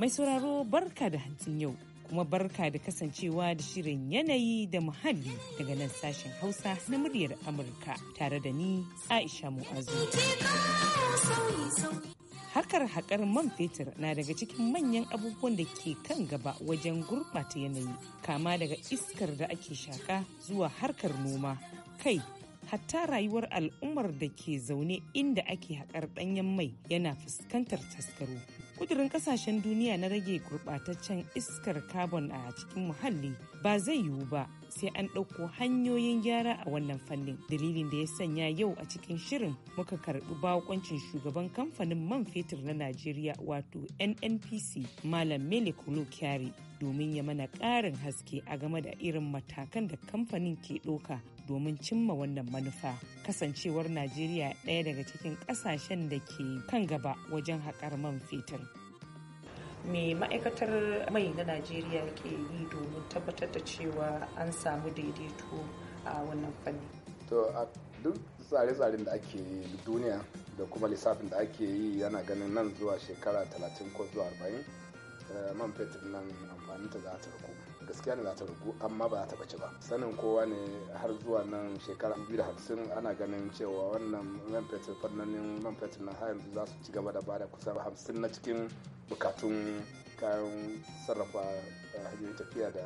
Mai sauraro barka da hantsin yau kuma barka da kasancewa da shirin yanayi da muhalli daga nan sashen Hausa na muryar Amurka tare da ni Aisha Mu'azu. Harkar haƙar man fetur na daga cikin manyan abubuwan da ke kan gaba wajen gurɓata yanayi kama daga iskar da ake shaƙa zuwa harkar noma kai hatta rayuwar al'ummar da ke zaune inda ake haƙar ɗanyen mai yana fuskantar taskaro kudirin kasashen duniya na rage gurɓataccen iskar carbon a cikin muhalli ba zai yiwu ba sai an ɗauko hanyoyin gyara a wannan fannin dalilin da ya sanya yau a cikin shirin muka karɓi bakoncin shugaban kamfanin man fetur na najeriya wato nnpc malam mele kulu domin ya mana ƙarin haske a game da irin matakan da kamfanin ke ɗauka domin cimma wannan manufa kasancewar najeriya ɗaya daga cikin ƙasashen da ke kan gaba wajen haƙar man fetur me ma'aikatar mai na najeriya ke yi domin tabbatar da cewa an samu daidaito a wannan fanni to a duk tsare-tsaren da ake yi duniya da kuma lissafin da ake yi yana ganin nan zuwa shekara 30 ko zuwa 40 eh, man fetur nan amfaninta za ta rako gaskiya ne za ta amma ba za ta bace ba sanin kowa ne har zuwa nan shekara hamsin ana ganin cewa wannan man fetur fannanin man fetur na har za su ci gaba da bada kusan hamsin na cikin bukatun kayan sarrafa eh, hanyoyin tafiya da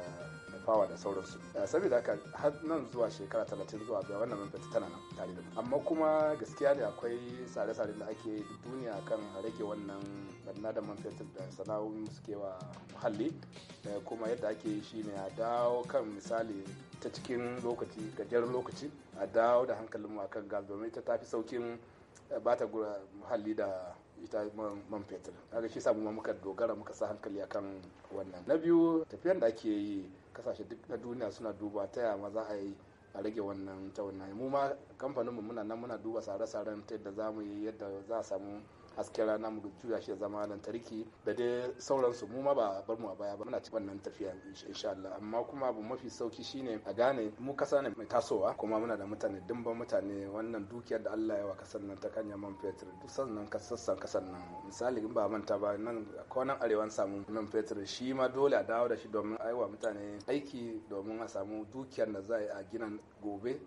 fawa da sauransu eh, saboda haka har nan zuwa shekara talatin zuwa biyar wannan fita tana nan tare da mu amma kuma gaskiya ne akwai tsare-tsare da ake duniya kan rage wannan barna da man fetur da sana'o'in suke wa muhalli eh, kuma yadda ake shi ne a dawo kan misali ta cikin lokaci gajeren lokaci a dawo da hankalinmu akan gas domin ta tafi saukin eh, bata muhalli da ita man fetur kaga shi samu muka dogara muka sa hankali akan wannan na biyu tafiyan da ake yi kasashe duk na duniya suna duba ta yaya ma za a yi a rage wannan ta wannan mu ma kamfaninmu muna nan muna duba sare-saren ta yadda za mu yi yadda za a samu hasken rana mu juya shi zama tariki da dai sauransu mu ma ba bar mu a baya ba muna ci wannan tafiya insha Allah amma kuma abu mafi sauki shine a gane mu kasa ne mai tasowa kuma muna da mutane dimban mutane wannan dukiyar da Allah ya wa kasar nan ta kanya man fetur duk sannan kasassan kasar nan misali in ba manta ba nan kwanan arewan samu man fetur shi ma dole a dawo da shi domin aiwa mutane aiki domin a samu dukiyar da za a gina gobe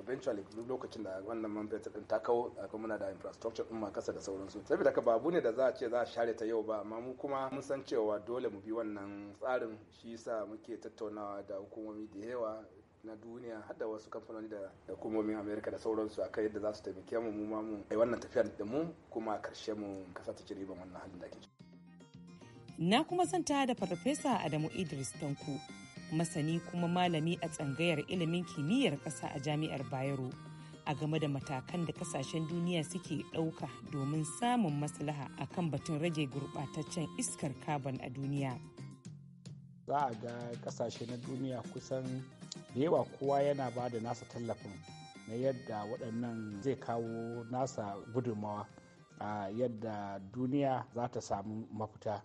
eventually lokacin da wannan man fetur din ta kawo akwai muna da infrastructure din ma kasa da sauransu saboda haka babu ne da za a ce za a share ta yau ba amma mu kuma mun san cewa dole mu bi wannan tsarin shi sa muke tattaunawa da hukumomi da yawa na duniya har da wasu kamfanoni da hukumomin amerika da sauransu a yadda za su taimake mu mu ma mu ai wannan tafiyar da mu kuma a karshe mu kasa ta ci riban wannan halin da ake na kuma santa da farfesa adamu idris tanku masani kuma malami a tsangayar ilimin kimiyyar ƙasa a jami'ar bayero a game da matakan da kasashen duniya suke ɗauka domin samun maslaha a kan batun rage gurɓataccen iskar carbon a duniya. Za a ga kasashe na duniya kusan da yawa kowa yana ba da nasa tallafin na yadda waɗannan zai kawo nasa gudunmawa a yadda duniya za ta samu mafita.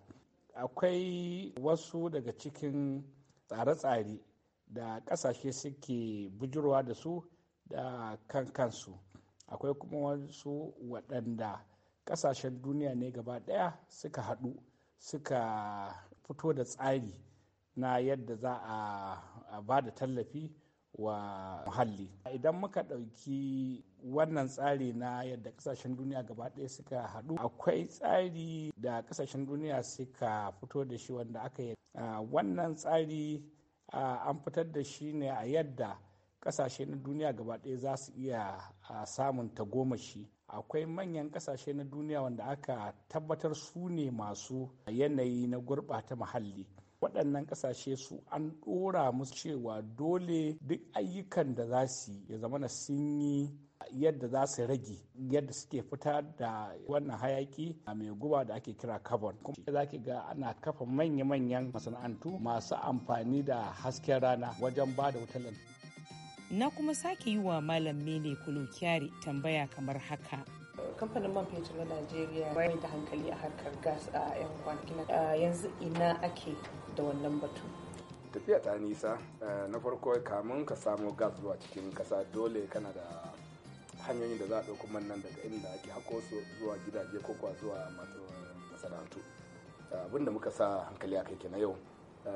Akwai wasu daga cikin tsare-tsare da ƙasashe suke bujurwa da su da kan kansu akwai kuma wasu waɗanda ƙasashen duniya ne gaba ɗaya suka haɗu suka fito da tsari na yadda za a ba da tallafi wa muhalli idan muka ɗauki wannan tsari na yadda ƙasashen duniya gaba ɗaya suka haɗu akwai tsari da ƙasashen duniya suka fito da shi wanda aka yi wannan tsari an fitar da shi ne a yadda kasashe na duniya gaba ɗaya za su iya samun tagomashi akwai manyan kasashe na duniya wanda aka tabbatar su ne masu yanayi na gurɓata muhalli waɗannan ƙasashe su an ɗora musu cewa dole duk ayyukan da za su yi ya zama na sun yi yadda za su rage yadda suke fita da wannan hayaki a mai guba da ake kira carbon kuma za ki ga ana kafa manya-manyan masana'antu masu amfani da hasken rana wajen ba da wutar na kuma sake yi wa malam kulu kyari tambaya kamar haka kamfanin man fetur na najeriya bayan da hankali a harkar gas a yan kwanaki yanzu ina ake da wannan batu tafiya ta nisa eh, na farko kamun ka samo gas zuwa cikin kasa dole kana da hanyoyin da za a ɗauki man nan daga inda ake hako su zuwa gidaje ko kuwa zuwa eh, masana'antu eh, abinda muka sa hankali a kai na yau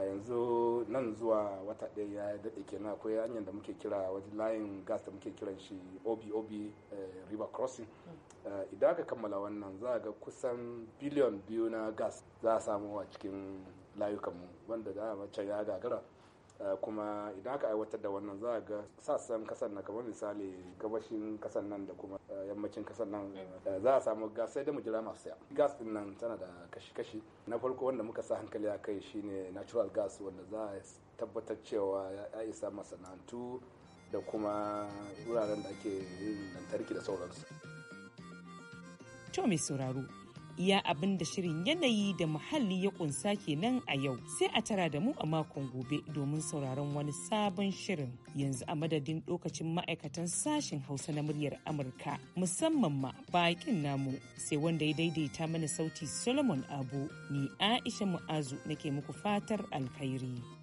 yanzu nan zuwa wata ɗaya ya daɗe kenan akwai hanyar da muke kira wajen layin gas da muke kiran shi obob eh, river crossing mm. eh, idan aka kammala wannan za a ga kusan biliyon biyu na gas za a samu a cikin layukanmu wanda da can ya gagara Eh, kuma idan aka aiwatar da wannan za a ga sassan kasar na kamar misali gabashin kasar nan da kuma eh, yammacin kasar nan eh, za a samu gas sai da mu jira masu saya gas din nan tana da kashi-kashi na farko wanda muka sa hankali a kai shine natural gas wanda za a tabbatar cewa ya isa masana'antu da kuma wuraren da ake yin lantarki da sauransu. To sauraro iya abin da shirin yanayi da muhalli ya kunsa kenan a yau sai a tara da mu a makon gobe domin sauraron wani sabon shirin yanzu a madadin lokacin ma'aikatan sashen hausa na muryar amurka musamman ma bakin namu sai wanda ya daidaita mana sauti solomon abu ni aisha mu'azu nake muku fatar alkhairi